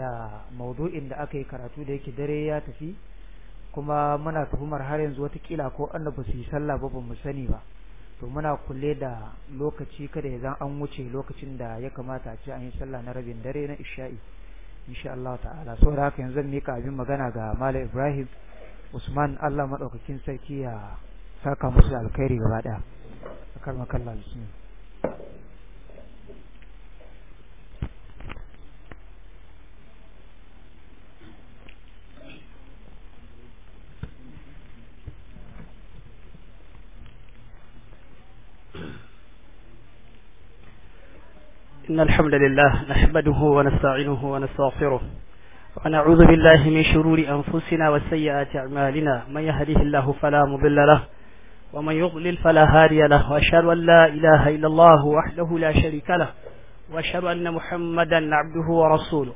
da maudu'in da aka yi karatu da yake dare ya tafi kuma muna tuhumar har yanzu watakila ko an ba su yi sallah ba ba mu sani ba to muna kulle da lokaci kada ya zan an wuce lokacin da ya kamata a ce an yi sallah na rabin dare na isha'i insha Allah ta'ala da haka yanzu zan mika abin magana ga Malam Ibrahim Usman Allah madaukakin sarki ya saka musu alkhairi gaba daya akarmakallah bismillah إن الحمد لله نحمده ونستعينه ونستغفره ونعوذ بالله من شرور أنفسنا وسيئات أعمالنا من يهده الله فلا مضل له ومن يضلل فلا هادي له وأشهد أن لا إله إلا الله وحده لا شريك له وأشهد أن محمدا عبده ورسوله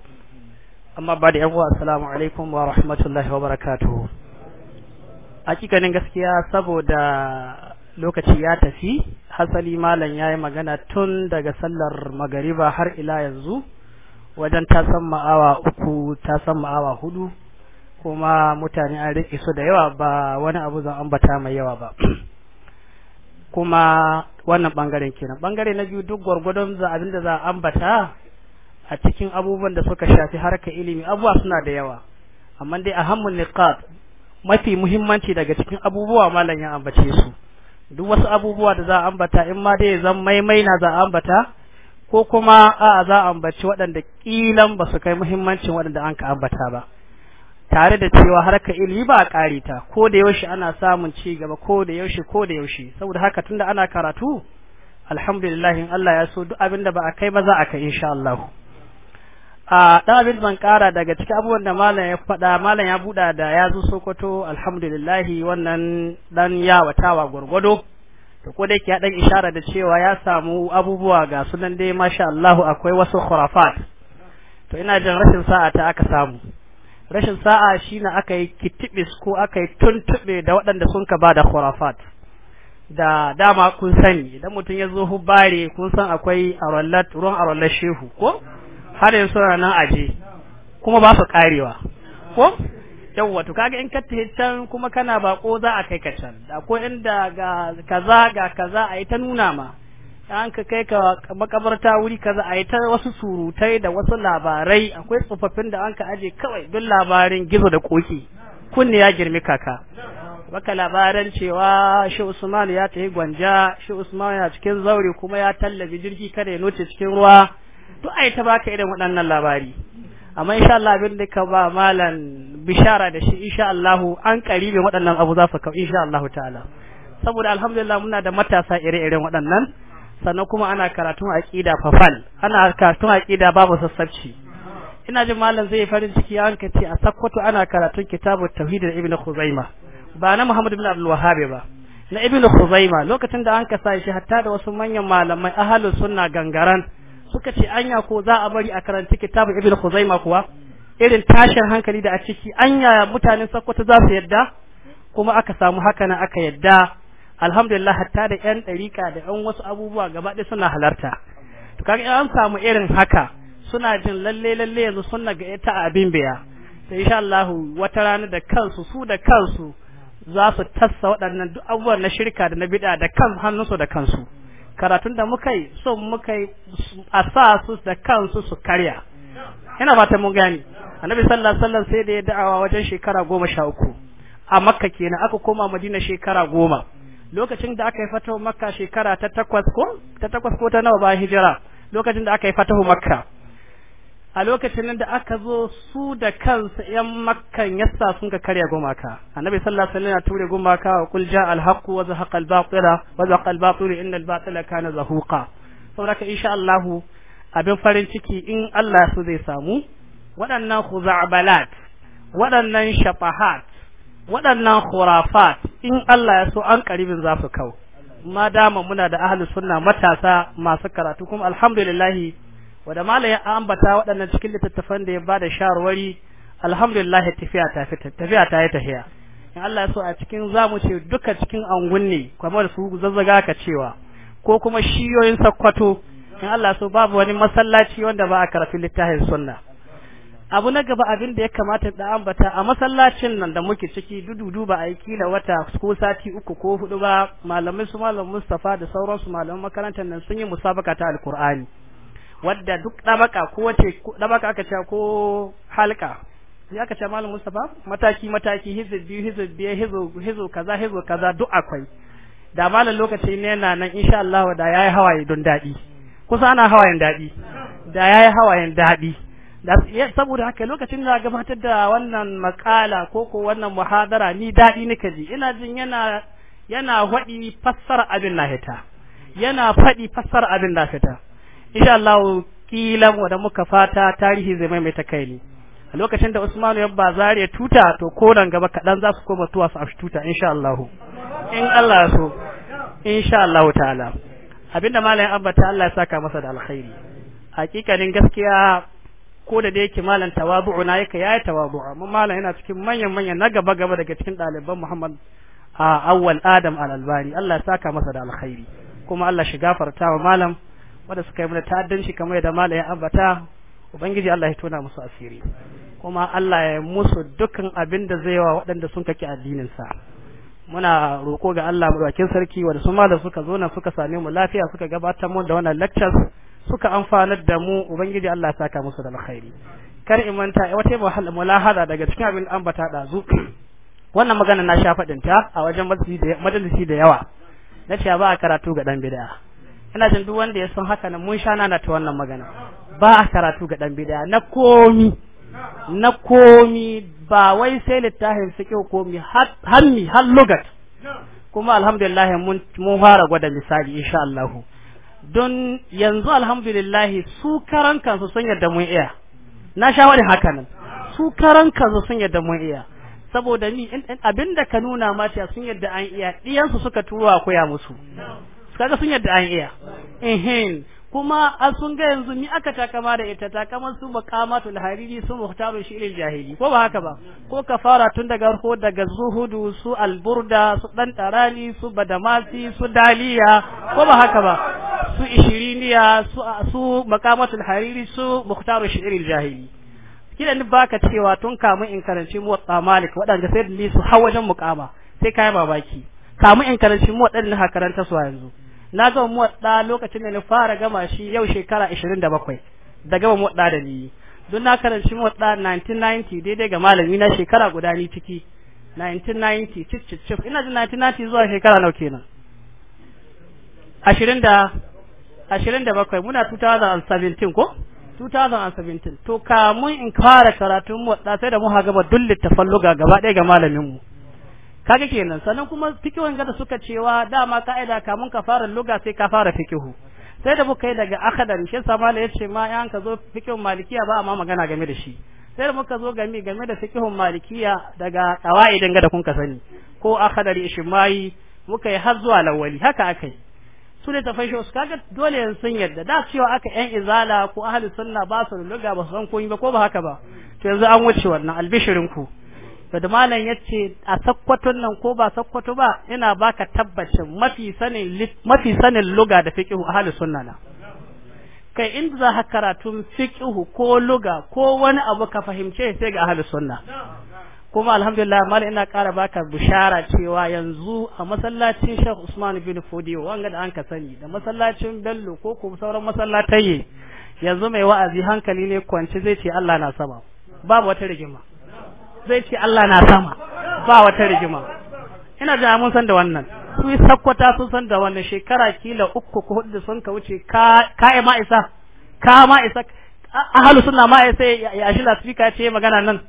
أما بعد السلام عليكم ورحمة الله وبركاته hakikanin gaskiya saboda lokaci ya tafi hasali malam ya yi magana tun daga sallar magariba har ila yanzu wajen ta san ma'awa uku ta san ma'awa hudu kuma mutane an riƙe su da yawa ba wani abu zan ambata mai yawa ba kuma wannan bangaren kenan bangare na biyu duk gwargwadon za abin da za a ambata a cikin abubuwan da suka shafi harka ilimi abubuwa suna da yawa amma dai a ahammul niqab mafi muhimmanci daga cikin abubuwa malam ya ambace su duk wasu abubuwa da za a ambata in ma dai zan maimai na za a ambata ko kuma a za a ambaci waɗanda ƙilan ba su kai muhimmancin waɗanda an ka ambata ba tare da cewa harka ilimi ba a ƙare ta ko da yaushe ana samun ci gaba ko da yaushe ko da yaushe saboda haka tunda ana karatu alhamdulillah in Allah ya so duk abinda ba a kai ba za a kai insha Allah a dan abin ban ƙara daga cikin abubuwan da malam ya faɗa malam ya buɗa da ya zo Sokoto alhamdulillahi wannan dan yawatawa gwargwado to ko dai ya ɗan ishara da cewa ya samu abubuwa ga sunan dai masha allahu akwai wasu khurafat to ina jin rashin sa'a ta aka samu rashin sa'a shi shine aka yi kitibis ko aka yi tuntuɓe da waɗanda sun ka ba da khurafat da dama kun sani idan mutum ya zo bare kun san akwai arallat ruwan arallat shehu ko har yanzu suna nan aje kuma ba su karewa ko yawwa to kaga in katta can kuma kana bako za a kai ka can ko inda ga kaza ga kaza a yi ta nuna ma an ka kai ka makabarta wuri kaza a yi ta wasu surutai da wasu labarai akwai tsofaffin da an ka aje kawai duk labarin gizo da koki kunne ya girmi kaka baka labaran cewa shi Usman ya tafi gwanja shi Usman ya cikin zaure kuma ya tallabi jirgi kada ya noce cikin ruwa duk ai ta baka irin waɗannan labari amma insha Allah abin da ka ba malan bishara da shi insha Allah an karibe waɗannan abu za su kawo insha Allah ta'ala saboda alhamdulillah muna da matasa ire-iren waɗannan sannan kuma ana karatun aqida fafal ana karatun aqida babu sassabci ina jin malam zai farin ciki an kace a sakkwato ana karatun kitabut tauhid da ibnu khuzaima ba na muhammad ibn abdul wahhab ba na ibnu khuzaima lokacin da an ka shi hatta da wasu manyan malamai ahlus sunna gangaran suka ce anya ko za a bari a karanta kitabu ibn khuzaima kuwa irin tashin hankali da a ciki anya mutanen sakkwato za su yadda kuma aka samu haka na aka yadda alhamdulillah hatta da yan ɗarika da ƴan wasu abubuwa gaba ɗaya suna halarta to kaga an samu irin haka suna jin lalle lalle yanzu sunna ga ita abin biya to insha Allah wata rana da kansu su da kansu za su tassa waɗannan duk abubuwan na shirka da na bid'a da kan hannunsu da kansu karatun da muka yi so muka yi a sa su da kansu su karya ina fata mun gani annabi sallallahu alaihi wasallam sai da ya da'awa wajen shekara goma sha uku a makka kenan aka koma madina shekara goma lokacin da aka yi fatahu makka shekara ta takwas ko ta takwas ko ta nawa bayan hijira lokacin da aka yi fatahu makka a lokacin da aka zo su da kansu yan makkan yasa sun ka karya gumaka annabi sallallahu alaihi wasallam ture gumaka wa qul jaa al haqq wa zahaqa al batila wa zahaqa al batil inna al batila kana zahuqa saboda insha Allah abin farin ciki in Allah su zai samu waɗannan khuza'balat waɗannan shafahat waɗannan khurafat in Allah ya so an karibin za su kau Madama muna da ahlus sunna matasa masu karatu kuma alhamdulillah wanda malam ya ambata waɗannan cikin littattafan da ya bada shawarwari alhamdulillah tafiya ta fita tafiya ta yi tafiya in Allah ya so a cikin zamu ce duka cikin angun kamar su zazzaga ka cewa ko kuma shiyoyin sakkwato in Allah ya so babu wani masallaci wanda ba a karatu littafin sunna abu na gaba abin da ya kamata da ambata a masallacin nan da muke ciki dududu ba a yi kila wata ko sati uku ko hudu ba malamai su malam Mustafa da sauransu malaman makarantar nan sun yi musabaka ta alkur'ani wadda duk ɗabaka ko wace ɗabaka aka ce ko halka sai aka ce malam Mustafa mataki mataki hizu biyu hizu biyu hizo hizo kaza hizo kaza duk akwai da malam lokaci ne na nan insha Allah da yayi hawaye don dadi kusa ana hawayen dadi da yayi hawayen dadi saboda haka lokacin da gabatar da wannan makala ko ko wannan muhadara ni dadi nake ji ina jin yana yana hwadi fassara abin na yana faɗi fassara abin na fita insha Allah kila da muka fata tarihi zai maimaita kai ne a lokacin da usman ya ba ya tuta to ko nan gaba kadan za su koma tuwa su afi tuta insha Allah in Allah so insha Allah ta'ala abinda malam Abba ta Allah ya saka masa da alkhairi hakikanin gaskiya ko da yake malam tawabu'u na yake yayi tawabu'u amma malam yana cikin manyan manyan na gaba gaba daga cikin ɗaliban Muhammad a awwal Adam al-Albani Allah ya saka masa da alkhairi kuma Allah shi gafarta wa malam wanda suka yi mana ta'addanci kamar yadda mala ya ambata ubangiji Allah ya tona musu asiri kuma Allah ya musu dukkan abin da zai wa waɗanda sun kake addinin sa muna roko ga Allah madaukakin sarki wanda su mala suka zo na suka same mu lafiya suka gabatar mu da wannan lectures suka amfanar da mu ubangiji Allah ya saka musu da alkhairi kar in manta wata mulahada daga cikin abin ambata zu wannan magana na sha faɗin ta a wajen majalisi da yawa na ce ba a karatu ga dan bid'a ina jin duk wanda ya san haka nan mun sha na ta wannan magana ba a karatu ga dan bidaya na komi na komi ba wai sai littafin komi har mi har lugat kuma alhamdulillah mun mun fara gwada misali insha Allah don yanzu alhamdulillah su karan kansu sun yadda mun iya na sha wani haka nan su karan kansu sun yadda mun iya saboda ni abinda ka nuna mata sun yadda an iya su suka tuwa koya musu kaga sun yadda an iya ehin kuma a sun ga yanzu ni aka takama da ita takama su makamatul hariri su muhtaru shi ilil jahili ko ba haka ba ko kafara tun daga ko daga zuhudu su alburda su dan tarani su badamasi su daliya ko ba haka ba su ishiriniya su su makamatul hariri su muhtaru shi ilil jahili kila ni baka cewa tun kamun in karanci mu malik wadanda sai ni su hawajen muqama sai kai babaki kamun in karanci mu wadannan hakaranta su yanzu na zama muwadda lokacin da na fara gama shi yau shekara 27 da gama muwadda da ni don na karanci nineteen 1990 daidai ga malami na shekara guda ni ciki 1990 cif cif cif ina jin 1990 zuwa shekara nau kenan Ashirin da 27 muna 2017 ko 2017 to kamun in fara karatun muwadda sai da mu ha gaba ta littafan ga gaba ɗaya ga malamin mu kage kenan sannan kuma fikihun gada suka cewa dama ka'ida kamun ka fara lugha sai ka fara fikihu sai da muka yi daga akadar shi sama la yace ma yan ka zo fikihun malikiya ba amma magana game da shi sai da muka zo game game da fikihun malikiya daga qawaidin ga da kun ka sani ko akhadari ishmai muka yi har zuwa lawali haka akai su da tafai shi kaga dole yanzu sun yadda da cewa aka yan izala ko ahli sunna ba su lugha ba san ko ba ko ba haka ba to yanzu an wuce wannan albishirin ku to da malam yace a sakkwaton nan ko ba sakkwato ba ina baka tabbacin mafi sanin mafi sanin luga da fiqhu ahli sunna na kai in za ka karatun fiƙihu ko luga ko wani abu ka fahimce sai ga ahli sunna kuma alhamdulillah malam ina ƙara baka bishara cewa yanzu a masallacin Sheikh Usman bin Fodiyo wanga da an ka sani da masallacin Bello ko kuma sauran masallatai yanzu mai wa'azi hankali ne kwance zai ce Allah na sama babu wata rigima zai ce Allah na sama ba wata rigima ina da mun san da wannan su yi sakwata sun san da wannan shekara kila uku ko hudu sun ka wuce ka ma isa ka ma isa ahalu suna ma ya shi lasfika ce magana nan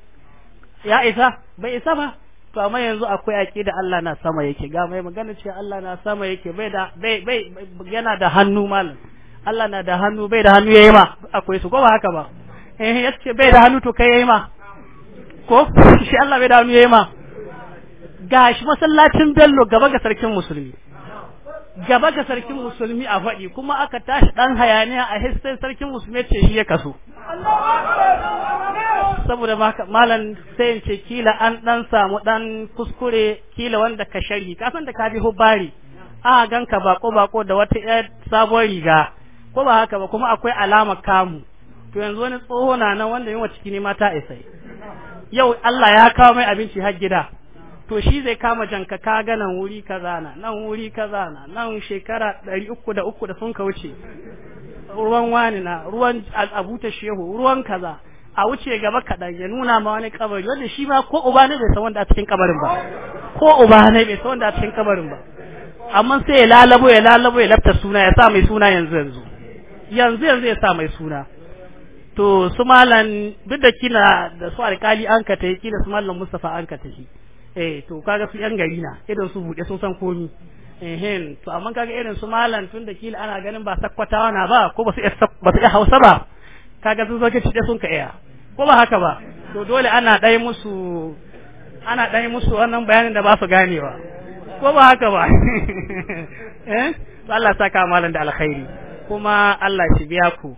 ya isa bai isa ba to amma yanzu akwai da Allah na sama yake ga mai magana ce Allah na sama yake bai da bai bai yana da hannu malam Allah na da hannu bai da hannu yayi ma akwai su ko ba haka ba eh yace bai da hannu to kai yayi ma ko shi Allah bai da mu yayi ma gashi masallacin Bello gaba ga sarkin musulmi gaba ga sarkin musulmi a faɗi kuma aka tashi dan hayaniya a hissan sarkin musulmi ce shi ya kaso saboda malam sai ce kila an ɗan samu ɗan kuskure kila wanda ka shari san da ka bi hubari a ganka bako bako da wata yar sabon riga ko ba haka ba kuma akwai alama kamu to yanzu wani tsoho na wanda yin wa ciki ne mata isai yau Allah ya kawo mai abinci har gida to shi zai kama janka ka ga nan wuri kaza na nan wuri kaza na nan shekara ɗari uku da uku da sun ka wuce ruwan wani na ruwan abuta shehu ruwan kaza a wuce gaba kaɗan ya nuna ma wani kabari wanda shi ma ko uba ne bai san wanda a cikin kabarin ba ko uba ne bai san wanda a cikin kabarin ba amma sai ya lalabo ya lalabo ya lafta suna ya sa mai suna yanzu yanzu yanzu yanzu ya sa mai suna to su malan duk da kina da su alkali an ka ta kina su malan Mustafa an ka ta shi eh to kaga su yan gari na idan su bude sun san komi eh to amma kaga irin su malan tun da kila ana ganin ba sakkwatawa na ba ko ba su ba su Hausa ba kaga sun zo kici sun ka iya ko ba haka ba to dole ana dai musu ana dai musu wannan bayanin da ba su ganewa ko ba haka ba eh Allah saka malam da alkhairi kuma Allah shi biya ku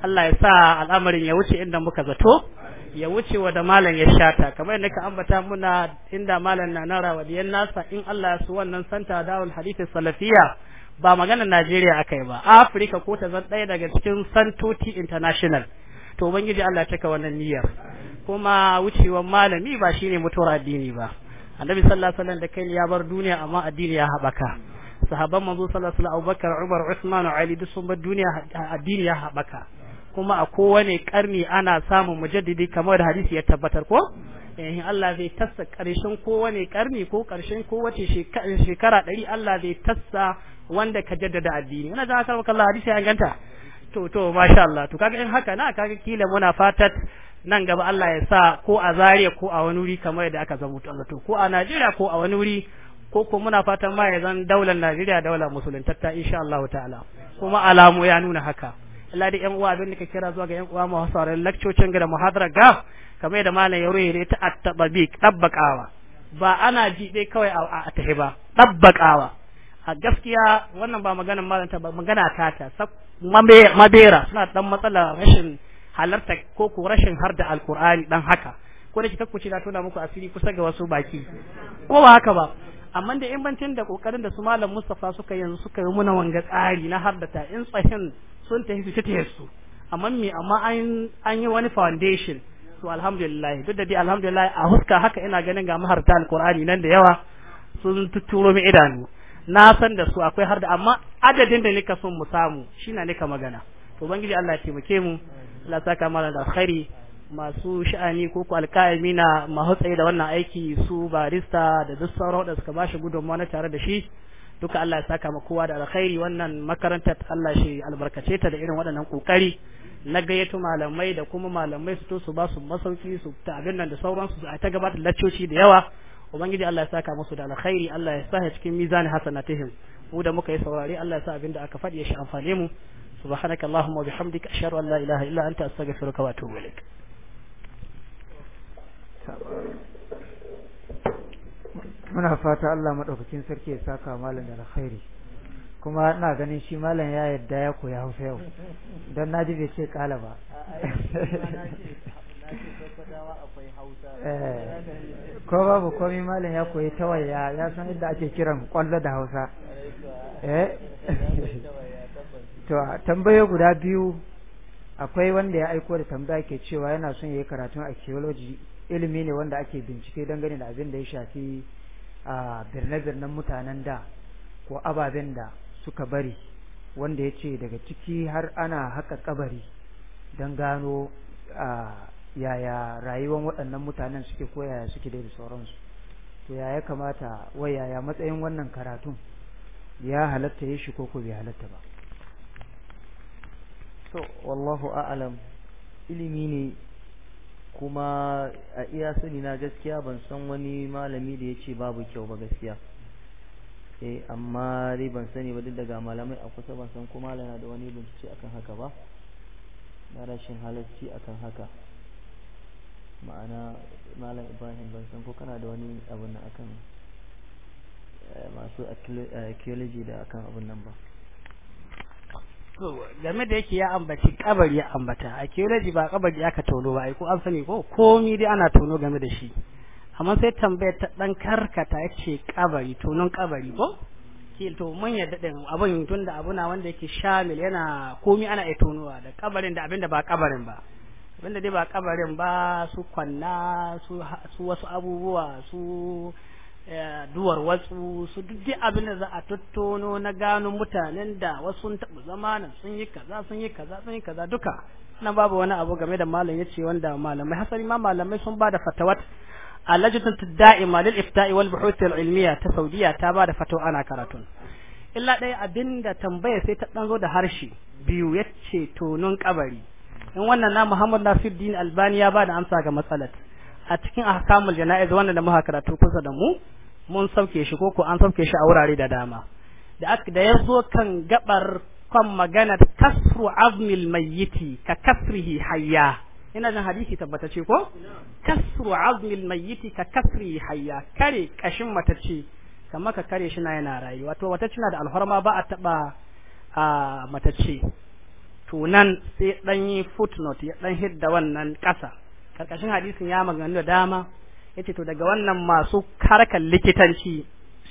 Allah ya sa al'amarin ya wuce inda muka zato ya wuce wa da malam ya shata kamar yadda ka ambata muna inda malam na nara wa diyan nasa in Allah ya su wannan santa dawan hadithin salafiya ba maganar Najeriya yi ba Afirka ko ta zan ɗaya daga cikin santoti international to ubangiji Allah taka wannan niyyar kuma wucewan malami ba shine mutuwar addini ba annabi sallallahu alaihi wasallam da kai ya bar duniya amma addini ya haɓaka sahabban manzo sallallahu alaihi wasallam Abubakar Umar Uthman Ali duk sun bar duniya addini ya haɓaka kuma a kowane karni ana samun mujaddidi kamar da hadisi ya tabbatar ko eh Allah zai tassa karshen kowane karni ko karshen kowace shekara dari Allah zai tassa wanda ka jaddada addini ina da haka kalla hadisi ya ganta to to masha Allah to kaga in haka na kaga kila muna fatat nan gaba Allah ya sa ko a Zaria ko a wani wuri kamar yadda aka zabo Allah to ko a Najeriya ko a wani wuri ko ko muna fatan ma ya zan daular Najeriya daular musulunta ta insha Allah ta'ala kuma alamu ya nuna haka Allah yan uwa abin da ka kira zuwa ga yan uwa masu sauraron lakcocin ga da muhadara ga kamar da malam ya ruye ta at-tabiq ba ana ji dai kawai a tahi ba dabbakawa a gaskiya wannan ba maganar malam ta ba magana ta ta mabera suna dan matsala rashin halarta ko ko rashin har da alqur'ani dan haka ko da kika kuce na tona muku asiri kusa ga wasu baki ko ba haka ba amma da in bancin da kokarin da su malam Mustafa suka yanzu suka yi muna wanga tsari na har da ta in tsahin sun tafi su ta su amma me amma an an yi wani foundation to alhamdulillah duk da dai alhamdulillah a huska haka ina ganin ga maharta alqur'ani nan da yawa sun tuturo mi idanu na san da su akwai har da amma adadin da nika son mu samu shine nika magana to ubangiji Allah ya taimake mu Allah saka mana da khairi masu sha'ani ko ku alƙa'imi na mahutsayi da wannan aiki su barista da duk sauran da suka bashi gudunmawa na tare da shi duka Allah ya saka ma kowa da alkhairi wannan makarantar Allah shi albarkace ta da irin waɗannan kokari na gayyato malamai da kuma malamai su to su ba su masauki su ta abin nan da sauransu a ta gabata laccoci da yawa ubangiji Allah ya saka musu da alkhairi Allah ya sa cikin mizani hasanatihim mu da muka yi saurare Allah ya sa abin da aka faɗi ya shi amfane mu subhanaka allahumma bihamdika ashhadu an la ilaha illa anta astaghfiruka wa atubu ilaik muna fata Allah madaukakin sarki ya saka malam da alkhairi kuma ina ganin shi malam ya yadda ya koya Hausa yau dan naji bai ce kala ba eh, ko babu komai malam ya koyi tawaya ya san yadda ake kiran kwallo da Hausa eh to tambaye guda biyu akwai wanda ya aiko da tambaya ke cewa yana son yayi karatun archaeology ilimi ne wanda ake bincike dangane da abin da ya shafi a birne-birnen mutanen da ko ababen da suka bari wanda ya ce daga ciki har ana haka kabari don gano a yaya rayuwar waɗannan mutanen suke ko yaya suke dai da sauransu to yaya kamata wai yaya matsayin wannan karatun ya halatta ya shi ko bai halatta ba to wallahu a'alam ilimi ne kuma a iya sani na gaskiya ban san wani malami da ya ce babu kyau ba gaskiya eh amma dai ban sani ba duk daga malamai a kusa ban san ko lana da wani bincike akan haka ba na rashin halarci akan haka ma'ana malam ibrahim ban san ko kana da wani abun nan akan eh, masu archaeology da akan abun nan ba to game da yake ya ambaci kabari ya ambata archaeology ba kabari aka tono ba ai ko an sani ko komi dai ana tono game da shi amma sai tambayar ta dan karkata yace kabari tonon kabari ko Ke to mun yadda din abun tunda abu na wanda yake shamil yana komi ana ai tonowa da kabarin da abinda ba kabarin ba abinda dai ba kabarin ba su kwanna su su wasu abubuwa su Eh, duwar watsu su duk abin da za a tattono na gano mutanen da wasu sun taɓa zamanin sun yi kaza sun yi kaza sun yi kaza duka nan babu wani abu game da malam ya ce wanda malamai hasari ma malamai sun ba da fatawat a lajitin da'ima lil ifta'i wal buhuth al ilmiya ta saudiya ta ba da fatawa ana karatun illa ɗaya abinda tambaya sai ta ɗan zo da harshe biyu yace tonon kabari in wannan na Muhammad Nasiruddin Albani ya ba da amsa ga matsalar a cikin ahkamul jana'iz wannan da muka karatu kusa da mu mun sauke shi koko an sauke shi a wurare da dama da da ya kan gabar kan magana kasru azmil mayyiti ka kasrihi hayya ina jin hadisi tabbatace ko kasru azmil mayyiti ka kasrihi hayya kare kashin matacce kamar ka kare shi na yana rayuwa to wata cina da alhorma ba a taba a matacce to nan sai dan yi footnote ya dan hidda wannan kasa karkashin hadisin ya maganganu da dama yace to daga wannan masu harkar likitanci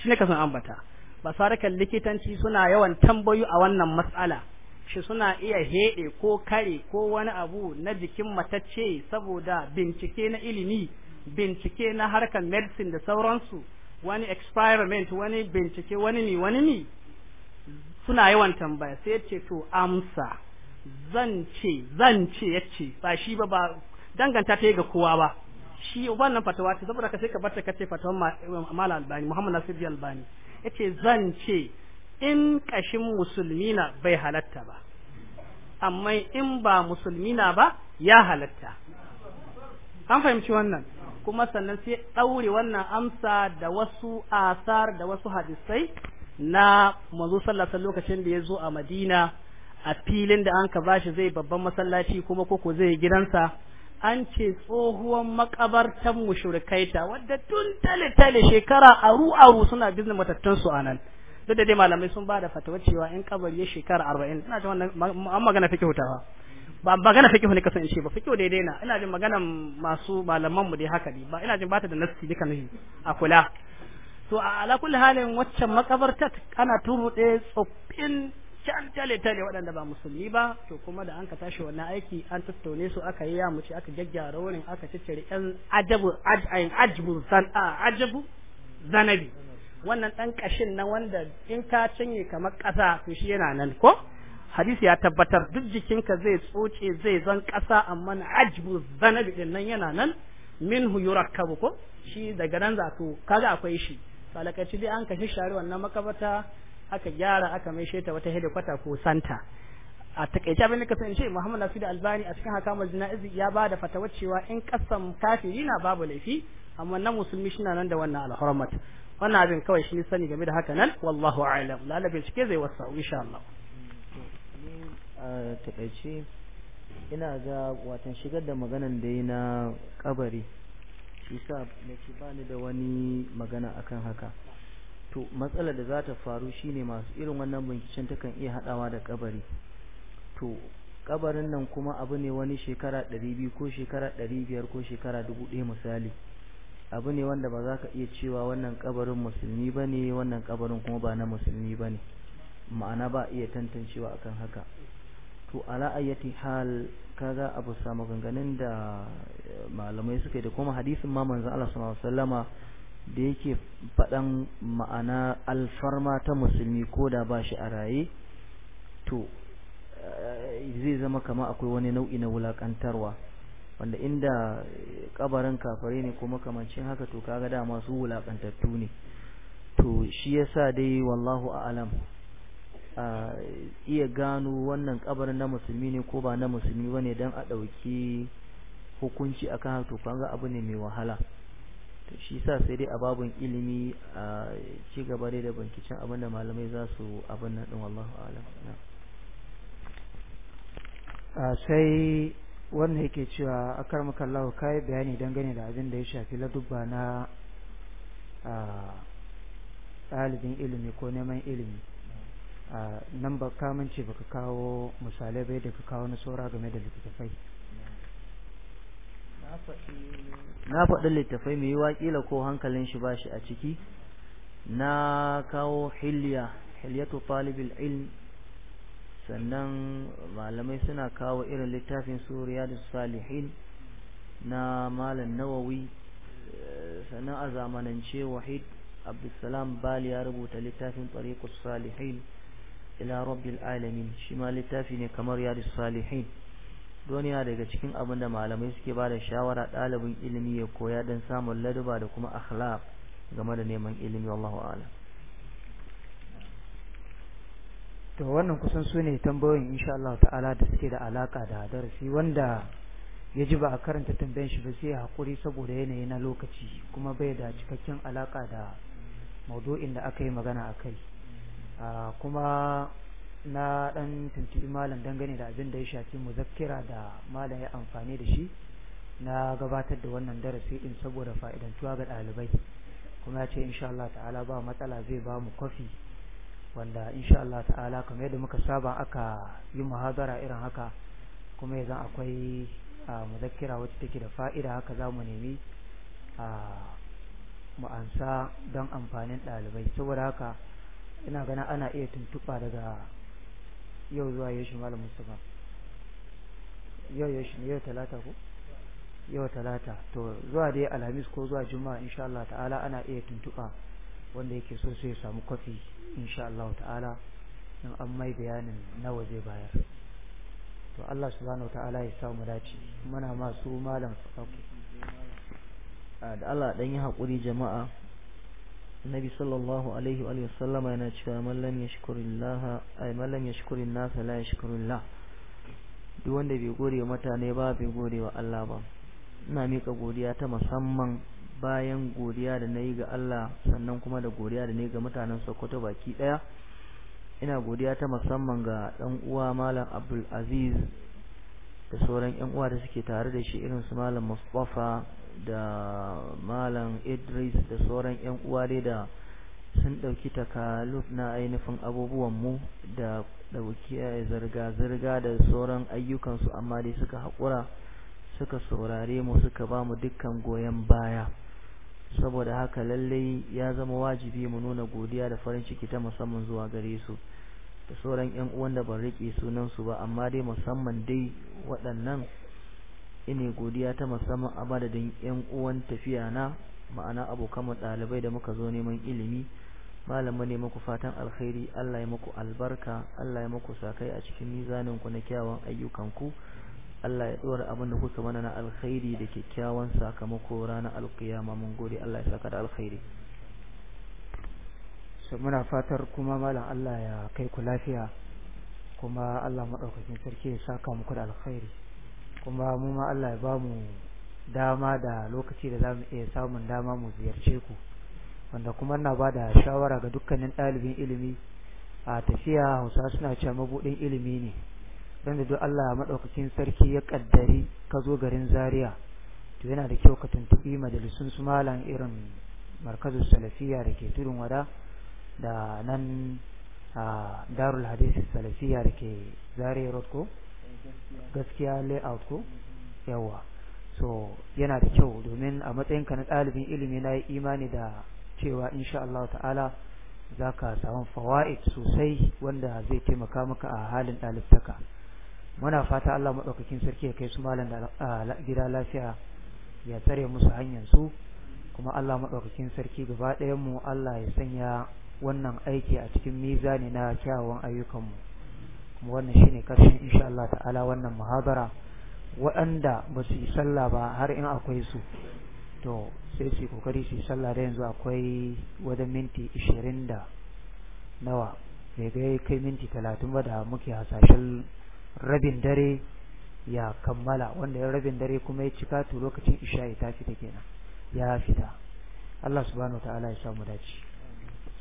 shi ne kasan ambata ba su harkar likitanci suna yawan tambayu a wannan matsala shi suna iya heɗe ko kare ko wani abu na jikin matacce saboda bincike na ilimi bincike na harkar medicine da sauransu wani experiment wani bincike wani ni wani ni suna yawan tambaya sai yace to amsa zan ce zan ce yace ba shi ba danganta ta yi ga kowa ba shi wannan fatawa ce saboda ka sai ka barta kace fatawan mala albani muhammad nasir albani yace zan ce in kashin musulmina bai halatta ba amma in ba musulmina ba ya halatta an fahimci wannan kuma sannan sai daure wannan amsa da wasu asar da wasu hadisai na manzo sallallahu alaihi lokacin da ya zo a madina a filin da an ka bashi zai babban masallaci kuma koko zai gidansa an ce tsohuwan makabartan mushrikaita wadda tun tale tale shekara aru aru suna bizin matattun su anan duk da dai malamai sun bada fatawa cewa in kabari ya shekara arba'in ina jin wannan an magana fike hutawa ba magana fike ne kasan ce ba fike daidai na ina jin magana masu malaman mu dai haka ne ba ina jin bata da nasti duka ne a kula to a ala kulli halin waccan makabartar ana turu ɗaya tsoffin can tale-tale waɗanda ba musulmi ba to kuma da an ka tashi wannan aiki an tattaune su aka yi ya yamuci aka gyaggyara wurin aka ciccire ɗan ajabu ajabu ajabu zanabi wannan ɗan ƙashin na wanda in ka cinye kamar ƙasa to shi yana nan ko hadisi ya tabbatar duk jikinka zai tsoce zai zan ƙasa amma na ajabu zanabi ɗin nan yana nan min yurakkabu ko shi daga nan za to kaga akwai shi salakaci dai an kashe shari'a wannan makabata aka gyara aka mai sheta wata hedikwata ko santa a takaice abin da ka in ce Muhammad Nasir Albani a cikin hakamar jina'izi ya ba da fatawa cewa in kasan kafiri na babu laifi amma na musulmi shi nan da wannan alhurmat wannan abin kawai shi sani game da haka nan wallahu a'lam lalabe cike zai wasa insha Allah takaice ina ga watan shigar da maganan da yi na kabari shi sa na ci bani da wani magana akan haka to matsalar da za ta faru shine masu irin wannan binciken kan iya haɗawa da kabari to kabarin nan kuma abu ne wani shekara 200 ko shekara 500 ko shekara 1000 misali abu ne wanda ba za ka iya cewa wannan kabarin musulmi ba ne wannan kabarin kuma ba na musulmi ba ne ma'ana ba iya tantancewa akan haka to ala ayyati hal kaga abu samu ganganin da malamai suka yi da kuma hadisin ma manzon Allah sallallahu alaihi wasallama da yake faɗan ma'ana alfarma ta musulmi ko da ba shi a raye to eh, zai zama kama akwai wani nau'i na wulaƙantarwa wanda inda ƙabarin kafare ne ko makamancin haka to kaga da masu wulaƙantattu ne to shi yasa dai wallahu a'lam a iya gano wannan ƙabarin na musulmi ne ko ba na musulmi bane don a ɗauki hukunci akan haka to kaga abu ne mai wahala to shi sa sai dai a babun ilimi a ci gaba dai da bankicin abinda malamai za su abin nan ɗin wallahu alam a sai wannan yake cewa akar makallahu kai bayani dangane da abin da ya shafi ladubba na ɗalibin ilimi ko neman ilimi nan ba kamance baka kawo misalai bai da ka kawo na saura game da littattafai na faɗi littafai mai yi waƙila ko hankalin shi ba shi a ciki na kawo hilya hilyatu talibul ilm sannan malamai suna kawo irin littafin su da salihin na malam nawawi sannan a zamanance wahid abdulsalam bali ya rubuta littafin tariqus salihin ila rabbil alamin shi ma littafi ne kamar yadda salihin don yana daga cikin abin da malamai suke ba da shawara ɗalibin ilimi ya koya don samun ladaba da kuma akhlaq game da neman ilimi Allahu a'ala to wannan kusan sune tambayoyin insha Allah ta'ala da suke da alaka da darasi wanda ya ji ba a karanta tambayan shi ba sai hakuri saboda yanayi na lokaci kuma bai da cikakken alaka da maudu'in da aka yi magana a kai ah, kuma na dan tuntubi malam dangane da abin da ya shafi muzakkira da malam ya amfani da shi na gabatar da wannan darasi din saboda fa'idantuwa ga ɗalibai kuma ya ce insha Allah ta'ala ba matsala zai ba mu kofi wanda insha Allah ta'ala kamar yadda muka saba aka yi muhadara irin haka kuma yanzu akwai muzakkira wacce take da fa'ida haka za mu nemi mu ansa don amfanin ɗalibai saboda haka ina gana ana iya tuntuɓa daga yau zuwa yaushe malam Mustafa yau yaushe ne yau talata ko yau talata to zuwa dai alhamis ko zuwa juma'a insha Allah ta'ala ana iya tuntuɓa wanda yake so sai ya samu kwafi insha Allah ta'ala in an mai bayanin na waje bayar to Allah subhanahu wa ta'ala ya samu dace muna masu malam okay da Allah dan yi hakuri jama'a النبي صلى الله عليه وآله وسلم أنا شاء من لم يشكر الله أي من لم يشكر الناس لا يشكر الله duk wanda bai gode wa mutane ba bai gode wa Allah ba ina mika godiya ta musamman bayan godiya da nayi ga Allah sannan kuma da godiya da nayi ga mutanen Sokoto baki ɗaya ina godiya ta musamman ga ɗan uwa Malam Abdul Aziz da sauran yan uwa da suke tare da shi irin su Malam Mustafa da malam idris da sauran yan uwa dai da sun ɗauki takaluf na ainihin abubuwanmu da ya zarga zarga da sauran ayyukansu amma dai suka haƙura suka saurare mu suka ba mu dukkan goyon baya saboda haka lallai ya zama wajibi mu nuna godiya da farin ciki ta musamman zuwa gare su da sauran 'yan uwan da ban riƙe sunansu ba amma dai musamman dai waɗannan ine godiya ta musamman a madadin yan uwan tafiya na ma'ana abokan mu dalibai da muka zo neman ilimi malama ne muku fatan alkhairi Allah ya muku albarka Allah ya muku sakai a cikin mizanin ku na kyawun ayyukan ku Allah ya tsora abin da kuka mana na alkhairi da kyakkyawan sakamako ranar alkiyama mun gode Allah ya saka da alkhairi so muna fatar kuma malam Allah ya kai ku lafiya kuma Allah madaukakin sarki ya saka muku da alkhairi kuma mu ma Allah ya ba mu dama da lokaci da za mu iya samun dama mu ziyarce ku wanda kuma na ba da shawara ga dukkanin ɗalibin ilimi a tafiya hausa suna cewa mabuɗin ilimi ne don da duk Allah maɗaukakin sarki ya ƙaddari ka zo garin zaria to yana da kyau ka tuntuɓi majalisun su malam irin markazu salafiya da ke tudun wada da nan a darul hadisi salafiya da ke zaria road ko gaskiya layout ko yawa so yana da kyau domin a matsayinka na ɗalibin ilimi na yi imani da cewa insha Allah ta'ala za ka samu fawa'id sosai wanda zai taimaka maka a halin ɗalibtaka muna fata Allah maɗaukakin sarki ya kai su malam da gida lafiya ya tsare musu hanyar su kuma Allah maɗaukakin sarki gaba ɗayan mu Allah ya sanya wannan aiki a cikin mizani na kyawawan mu. Wannan shi ne karshen insha Allah ta'ala wannan muhabara waɗanda ba su yi sallah ba har in akwai su to sai su yi kokari su yi sallah da yanzu akwai wajen minti ishirin da nawa bai ga kai minti talatin ba da muke hasashen rabin dare ya kammala wanda ya rabin dare kuma ya cika to lokacin isha'i ta fita kenan ya fita Allah subhanahu wa ta'ala ya samu dace